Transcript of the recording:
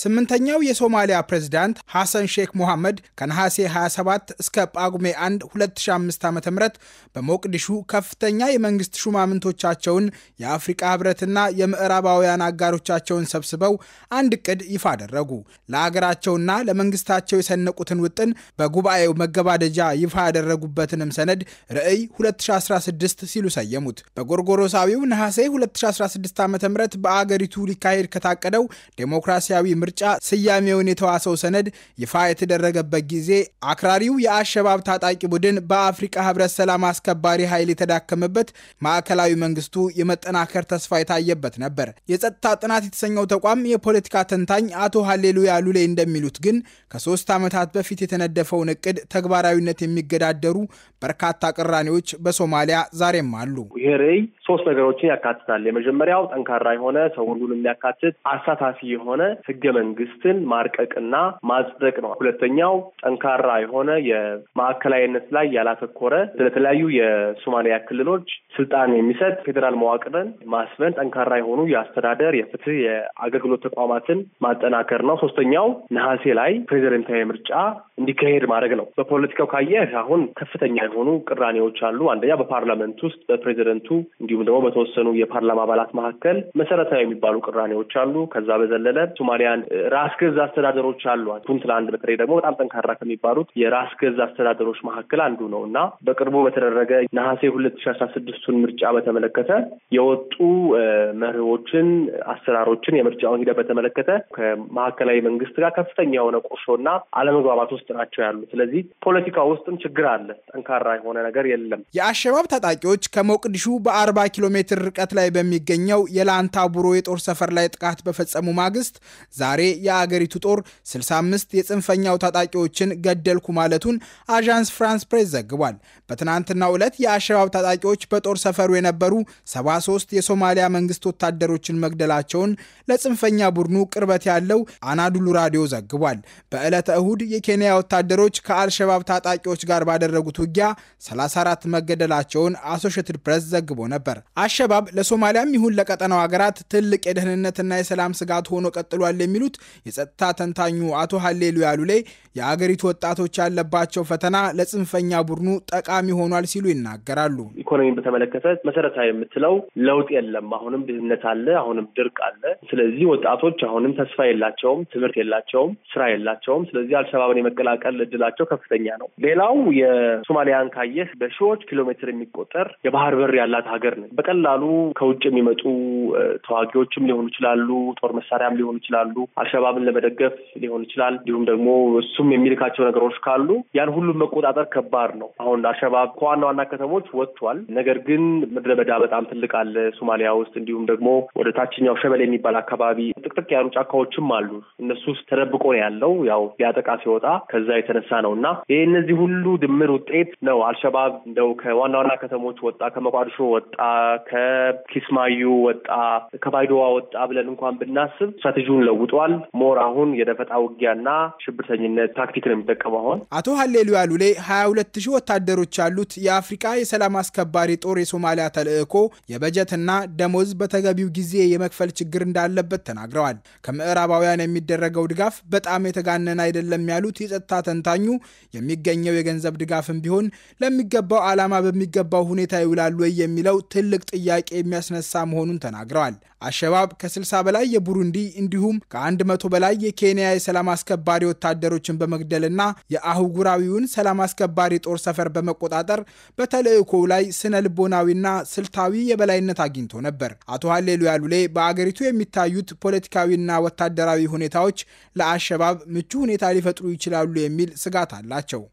ስምንተኛው የሶማሊያ ፕሬዝዳንት ሐሰን ሼክ ሙሐመድ ከነሐሴ 27 እስከ ጳጉሜ 1 2005 ዓ ም በሞቅዲሹ ከፍተኛ የመንግሥት ሹማምንቶቻቸውን የአፍሪቃ ህብረትና የምዕራባውያን አጋሮቻቸውን ሰብስበው አንድ ቅድ ይፋ አደረጉ። ለአገራቸውና ለመንግሥታቸው የሰነቁትን ውጥን በጉባኤው መገባደጃ ይፋ ያደረጉበትንም ሰነድ ርዕይ 2016 ሲሉ ሰየሙት። በጎርጎሮሳዊው ነሐሴ 2016 ዓ ም በአገሪቱ ሊካሄድ ከታቀደው ዴሞክራሲያዊ ምርጫ ስያሜውን የተዋሰው ሰነድ ይፋ የተደረገበት ጊዜ አክራሪው የአሸባብ ታጣቂ ቡድን በአፍሪቃ ህብረት ሰላም አስከባሪ ኃይል የተዳከመበት፣ ማዕከላዊ መንግስቱ የመጠናከር ተስፋ የታየበት ነበር። የጸጥታ ጥናት የተሰኘው ተቋም የፖለቲካ ተንታኝ አቶ ሀሌሉያ ሉሌ እንደሚሉት ግን ከሶስት ዓመታት በፊት የተነደፈውን እቅድ ተግባራዊነት የሚገዳደሩ በርካታ ቅራኔዎች በሶማሊያ ዛሬም አሉ። ይሄ ሶስት ነገሮችን ያካትታል። የመጀመሪያው ጠንካራ የሆነ ሰውን የሚያካትት አሳታፊ የሆነ ህገ መንግስትን ማርቀቅና ማጽደቅ ነው። ሁለተኛው ጠንካራ የሆነ የማዕከላዊነት ላይ ያላተኮረ ስለተለያዩ የሶማሊያ ክልሎች ስልጣን የሚሰጥ ፌዴራል መዋቅርን ማስፈን፣ ጠንካራ የሆኑ የአስተዳደር፣ የፍትህ፣ የአገልግሎት ተቋማትን ማጠናከር ነው። ሶስተኛው ነሐሴ ላይ ፕሬዚደንታዊ ምርጫ እንዲካሄድ ማድረግ ነው። በፖለቲካው ካየህ አሁን ከፍተኛ የሆኑ ቅራኔዎች አሉ። አንደኛ በፓርላመንት ውስጥ በፕሬዚደንቱ እንዲሁም ደግሞ በተወሰኑ የፓርላማ አባላት መካከል መሰረታዊ የሚባሉ ቅራኔዎች አሉ። ከዛ በዘለለ ሶማሊያን ራስ ገዝ አስተዳደሮች አሉ። ፑንትላንድ በተለይ ደግሞ በጣም ጠንካራ ከሚባሉት የራስ ገዝ አስተዳደሮች መካከል አንዱ ነው እና በቅርቡ በተደረገ ነሐሴ ሁለት ሺ አስራ ስድስቱን ምርጫ በተመለከተ የወጡ መርሆችን፣ አሰራሮችን የምርጫውን ሂደት በተመለከተ ከማዕከላዊ መንግስት ጋር ከፍተኛ የሆነ ቁርሾና አለመግባባት ውስጥ ናቸው ያሉ። ስለዚህ ፖለቲካ ውስጥም ችግር አለ። ጠንካራ የሆነ ነገር የለም። የአሸባብ ታጣቂዎች ከሞቅዲሹ በአርባ ኪሎ ሜትር ርቀት ላይ በሚገኘው የላንታ ቡሮ የጦር ሰፈር ላይ ጥቃት በፈጸሙ ማግስት ዛሬ የአገሪቱ ጦር 65 የጽንፈኛው ታጣቂዎችን ገደልኩ ማለቱን አዣንስ ፍራንስ ፕሬስ ዘግቧል። በትናንትናው ዕለት የአሸባብ ታጣቂዎች በጦር ሰፈሩ የነበሩ 73 የሶማሊያ መንግስት ወታደሮችን መግደላቸውን ለጽንፈኛ ቡድኑ ቅርበት ያለው አናዱሉ ራዲዮ ዘግቧል። በዕለተ እሁድ የኬንያ ወታደሮች ከአልሸባብ ታጣቂዎች ጋር ባደረጉት ውጊያ 34 መገደላቸውን አሶሽትድ ፕሬስ ዘግቦ ነበር። አሸባብ ለሶማሊያም ይሁን ለቀጠናው ሀገራት ትልቅ የደህንነትና የሰላም ስጋት ሆኖ ቀጥሏል የሚሉ የሚሉት የጸጥታ ተንታኙ አቶ ሀሌሉ ያሉሌ የአገሪቱ ወጣቶች ያለባቸው ፈተና ለጽንፈኛ ቡድኑ ጠቃሚ ሆኗል ሲሉ ይናገራሉ። ኢኮኖሚን በተመለከተ መሰረታዊ የምትለው ለውጥ የለም። አሁንም ድህነት አለ፣ አሁንም ድርቅ አለ። ስለዚህ ወጣቶች አሁንም ተስፋ የላቸውም፣ ትምህርት የላቸውም፣ ስራ የላቸውም። ስለዚህ አልሸባብን የመቀላቀል እድላቸው ከፍተኛ ነው። ሌላው የሶማሊያን ካየህ በሺዎች ኪሎ ሜትር የሚቆጠር የባህር በር ያላት ሀገር ነው። በቀላሉ ከውጭ የሚመጡ ተዋጊዎችም ሊሆኑ ይችላሉ፣ ጦር መሳሪያም ሊሆኑ ይችላሉ፣ አልሸባብን ለመደገፍ ሊሆን ይችላል። እንዲሁም ደግሞ እሱም የሚልካቸው ነገሮች ካሉ ያን ሁሉም መቆጣጠር ከባድ ነው። አሁን አልሸባብ ከዋና ዋና ከተሞች ወጥቷል። ነገር ግን ምድረ በዳ በጣም ትልቅ አለ ሶማሊያ ውስጥ። እንዲሁም ደግሞ ወደ ታችኛው ሸበሌ የሚባል አካባቢ ጥቅጥቅ ያሉ ጫካዎችም አሉ። እነሱ ውስጥ ተደብቆ ነው ያለው። ያው ሊያጠቃ ሲወጣ ከዛ የተነሳ ነው እና ይህ እነዚህ ሁሉ ድምር ውጤት ነው አልሸባብ እንደው ከዋና ዋና ከተሞች ወጣ፣ ከመቋድሾ ወጣ፣ ከኪስማዩ ወጣ፣ ከባይዶዋ ወጣ ብለን እንኳን ብናስብ ስትራቴጂውን ለውጧል። ተደርጓል። ሞር አሁን የደፈጣ ውጊያና ሽብርተኝነት ታክቲክ ነው የሚጠቀሙ። አሁን አቶ ሀሌሉ ያሉሌ ሀያ ሁለት ሺህ ወታደሮች ያሉት የአፍሪቃ የሰላም አስከባሪ ጦር የሶማሊያ ተልእኮ የበጀትና ደሞዝ በተገቢው ጊዜ የመክፈል ችግር እንዳለበት ተናግረዋል። ከምዕራባውያን የሚደረገው ድጋፍ በጣም የተጋነን አይደለም ያሉት የጸጥታ ተንታኙ የሚገኘው የገንዘብ ድጋፍም ቢሆን ለሚገባው ዓላማ በሚገባው ሁኔታ ይውላል ወይ የሚለው ትልቅ ጥያቄ የሚያስነሳ መሆኑን ተናግረዋል። አሸባብ ከ60 በላይ የቡሩንዲ እንዲሁም ከ ከአንድ መቶ በላይ የኬንያ የሰላም አስከባሪ ወታደሮችን በመግደልና የአህጉራዊውን ሰላም አስከባሪ ጦር ሰፈር በመቆጣጠር በተልዕኮው ላይ ስነ ልቦናዊና ስልታዊ የበላይነት አግኝቶ ነበር። አቶ ሀሌሉ ያሉሌ በአገሪቱ የሚታዩት ፖለቲካዊና ወታደራዊ ሁኔታዎች ለአሸባብ ምቹ ሁኔታ ሊፈጥሩ ይችላሉ የሚል ስጋት አላቸው።